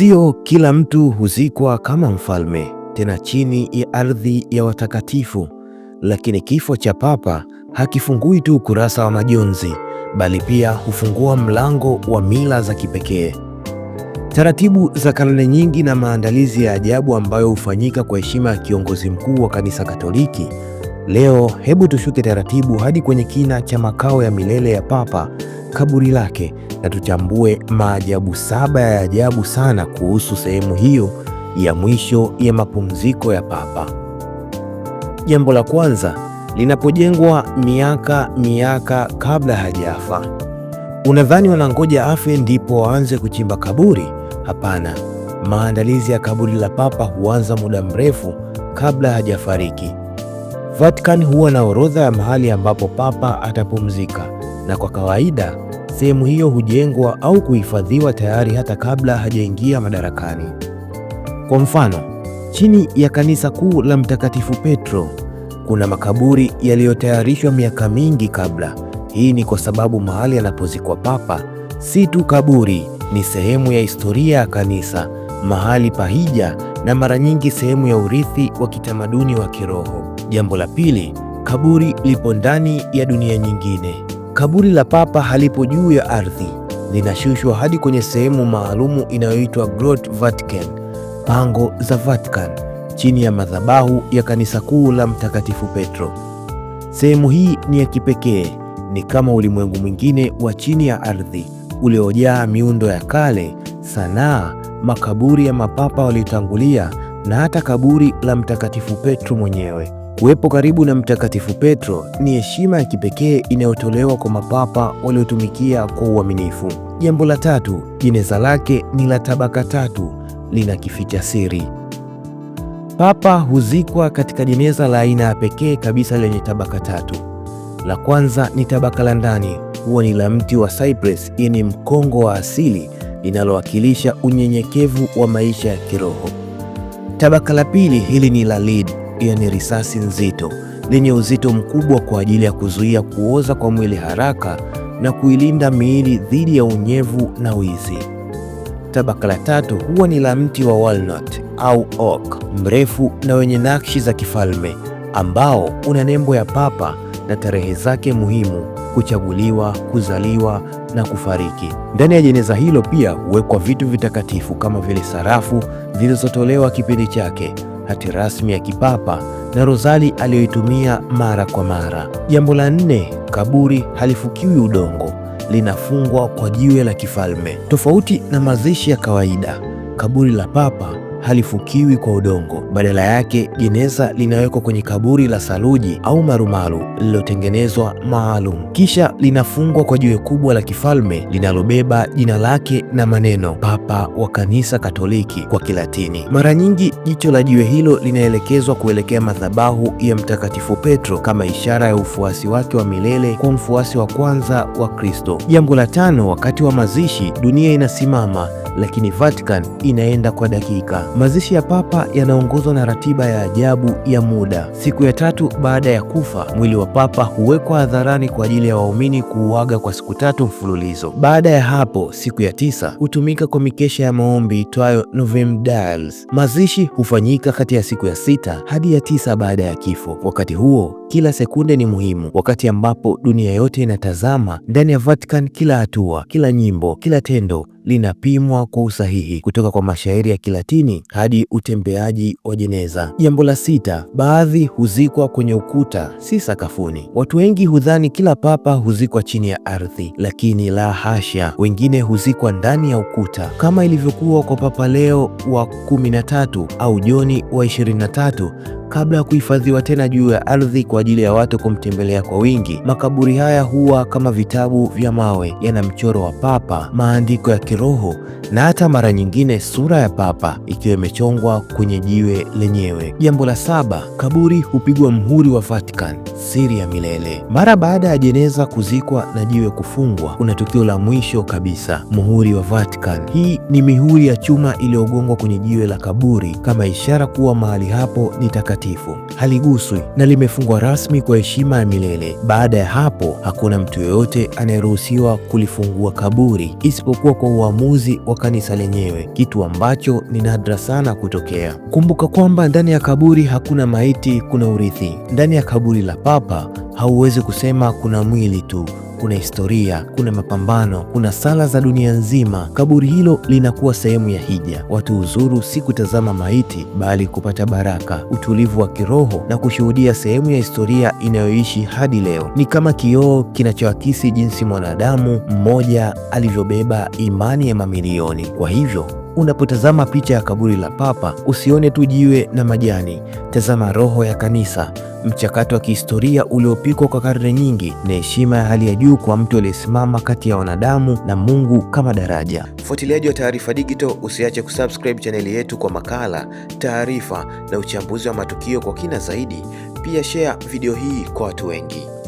Sio kila mtu huzikwa kama mfalme, tena chini ya ardhi ya watakatifu. Lakini kifo cha Papa hakifungui tu ukurasa wa majonzi, bali pia hufungua mlango wa mila za kipekee, taratibu za karne nyingi na maandalizi ya ajabu ambayo hufanyika kwa heshima ya kiongozi mkuu wa Kanisa Katoliki. Leo hebu tushuke taratibu hadi kwenye kina cha makao ya milele ya Papa kaburi lake na tuchambue maajabu saba ya ajabu sana kuhusu sehemu hiyo ya mwisho ya mapumziko ya Papa. Jambo la kwanza, linapojengwa miaka miaka kabla hajafa. Unadhani wanangoja afe ndipo waanze kuchimba kaburi? Hapana, maandalizi ya kaburi la Papa huanza muda mrefu kabla hajafariki. Vatican huwa na orodha ya mahali ambapo Papa atapumzika na kwa kawaida sehemu hiyo hujengwa au kuhifadhiwa tayari hata kabla hajaingia madarakani. Kwa mfano, chini ya kanisa kuu la Mtakatifu Petro kuna makaburi yaliyotayarishwa miaka mingi kabla. Hii ni kwa sababu mahali anapozikwa Papa si tu kaburi, ni sehemu ya historia ya kanisa, mahali pa hija na mara nyingi sehemu ya urithi wa kitamaduni wa kiroho. Jambo la pili, kaburi lipo ndani ya dunia nyingine. Kaburi la Papa halipo juu ya ardhi, linashushwa hadi kwenye sehemu maalumu inayoitwa Grot Vatican, pango za Vatican, chini ya madhabahu ya kanisa kuu la Mtakatifu Petro. Sehemu hii ni ya kipekee, ni kama ulimwengu mwingine wa chini ya ardhi uliojaa miundo ya kale, sanaa, makaburi ya mapapa waliotangulia na hata kaburi la Mtakatifu Petro mwenyewe. Kuwepo karibu na Mtakatifu Petro ni heshima ya kipekee inayotolewa kwa mapapa waliotumikia kwa uaminifu. Jambo la tatu, jeneza lake ni la tabaka tatu, lina kificha siri. Papa huzikwa katika jeneza la aina ya pekee kabisa lenye tabaka tatu. La kwanza ni tabaka la ndani, huwa ni la mti wa cypress, yani mkongo wa asili, linalowakilisha unyenyekevu wa maisha ya kiroho. Tabaka la pili, hili ni la lid pia ni risasi nzito lenye uzito mkubwa kwa ajili ya kuzuia kuoza kwa mwili haraka na kuilinda miili dhidi ya unyevu na wizi. Tabaka la tatu huwa ni la mti wa walnut au oak, mrefu na wenye nakshi za kifalme ambao una nembo ya papa na tarehe zake muhimu: kuchaguliwa, kuzaliwa na kufariki. Ndani ya jeneza hilo pia huwekwa vitu vitakatifu kama vile sarafu zilizotolewa kipindi chake hati rasmi ya kipapa na rozali aliyoitumia mara kwa mara. Jambo la nne, kaburi halifukiwi udongo, linafungwa kwa jiwe la kifalme. Tofauti na mazishi ya kawaida, kaburi la papa halifukiwi kwa udongo, badala yake jeneza linawekwa kwenye kaburi la saluji au marumaru lililotengenezwa maalum, kisha linafungwa kwa jiwe kubwa la kifalme linalobeba jina lake na maneno Papa wa Kanisa Katoliki kwa Kilatini. Mara nyingi jicho la jiwe hilo linaelekezwa kuelekea madhabahu ya Mtakatifu Petro kama ishara ya ufuasi wake wa milele kwa mfuasi wa kwanza wa Kristo. Jambo la tano, wakati wa mazishi dunia inasimama lakini Vatican inaenda kwa dakika. Mazishi ya Papa yanaongozwa na ratiba ya ajabu ya muda. Siku ya tatu baada ya kufa, mwili wa Papa huwekwa hadharani kwa ajili ya waumini kuuaga kwa siku tatu mfululizo. Baada ya hapo, siku ya tisa hutumika kwa mikesha ya maombi itwayo Novem Dies. Mazishi hufanyika kati ya siku ya sita hadi ya tisa baada ya kifo. Wakati huo kila sekunde ni muhimu, wakati ambapo dunia yote inatazama. Ndani ya Vatican, kila hatua, kila nyimbo, kila tendo linapimwa kwa usahihi kutoka kwa mashairi ya Kilatini hadi utembeaji wa jeneza. Jambo la sita, baadhi huzikwa kwenye ukuta, si sakafuni. Watu wengi hudhani kila papa huzikwa chini ya ardhi, lakini la hasha, wengine huzikwa ndani ya ukuta kama ilivyokuwa kwa Papa Leo wa 13 au Joni wa 23 kabla ya kuhifadhiwa tena juu ya ardhi kwa ajili ya watu kumtembelea kwa wingi. Makaburi haya huwa kama vitabu vya mawe, yana mchoro wa papa, maandiko ya kiroho na hata mara nyingine sura ya papa ikiwa imechongwa kwenye jiwe lenyewe. Jambo la saba, kaburi hupigwa mhuri wa Vatican, siri ya milele. Mara baada ya jeneza kuzikwa na jiwe kufungwa, kuna tukio la mwisho kabisa, muhuri wa Vatican. Hii ni mihuri ya chuma iliyogongwa kwenye jiwe la kaburi kama ishara kuwa mahali hapo ni takatifu mtakatifu, haliguswi na limefungwa rasmi kwa heshima ya milele. Baada ya hapo, hakuna mtu yoyote anayeruhusiwa kulifungua kaburi isipokuwa kwa uamuzi wa kanisa lenyewe, kitu ambacho ni nadra sana kutokea. Kumbuka kwamba ndani ya kaburi hakuna maiti, kuna urithi. Ndani ya kaburi la Papa hauwezi kusema kuna mwili tu kuna historia, kuna mapambano, kuna sala za dunia nzima. Kaburi hilo linakuwa sehemu ya hija. Watu huzuru si kutazama maiti, bali kupata baraka, utulivu wa kiroho na kushuhudia sehemu ya historia inayoishi hadi leo. Ni kama kioo kinachoakisi jinsi mwanadamu mmoja alivyobeba imani ya mamilioni. Kwa hivyo Unapotazama picha ya kaburi la Papa, usione tu jiwe na majani. Tazama roho ya kanisa, mchakato wa kihistoria uliopikwa kwa karne nyingi, na heshima ya hali ya juu kwa mtu aliyesimama kati ya wanadamu na Mungu kama daraja. Mfuatiliaji wa Taarifa Digital, usiache kusubscribe chaneli yetu kwa makala, taarifa na uchambuzi wa matukio kwa kina zaidi. Pia share video hii kwa watu wengi.